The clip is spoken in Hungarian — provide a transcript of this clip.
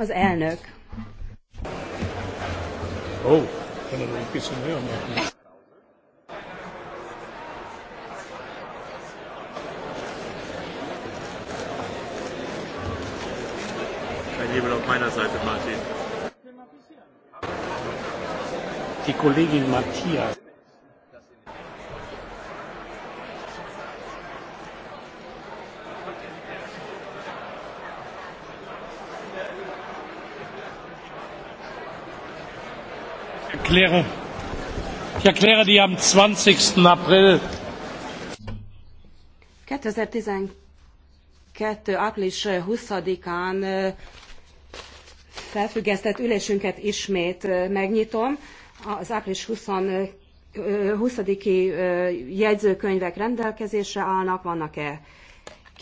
az elnök. Oh, Ein Martin. Die Kollegin Matthias. Erklärung. Ich erkläre die am 20. April 2012. április 20-án felfüggesztett ülésünket ismét megnyitom. Az április 20 20-i jegyzőkönyvek rendelkezésre állnak, vannak-e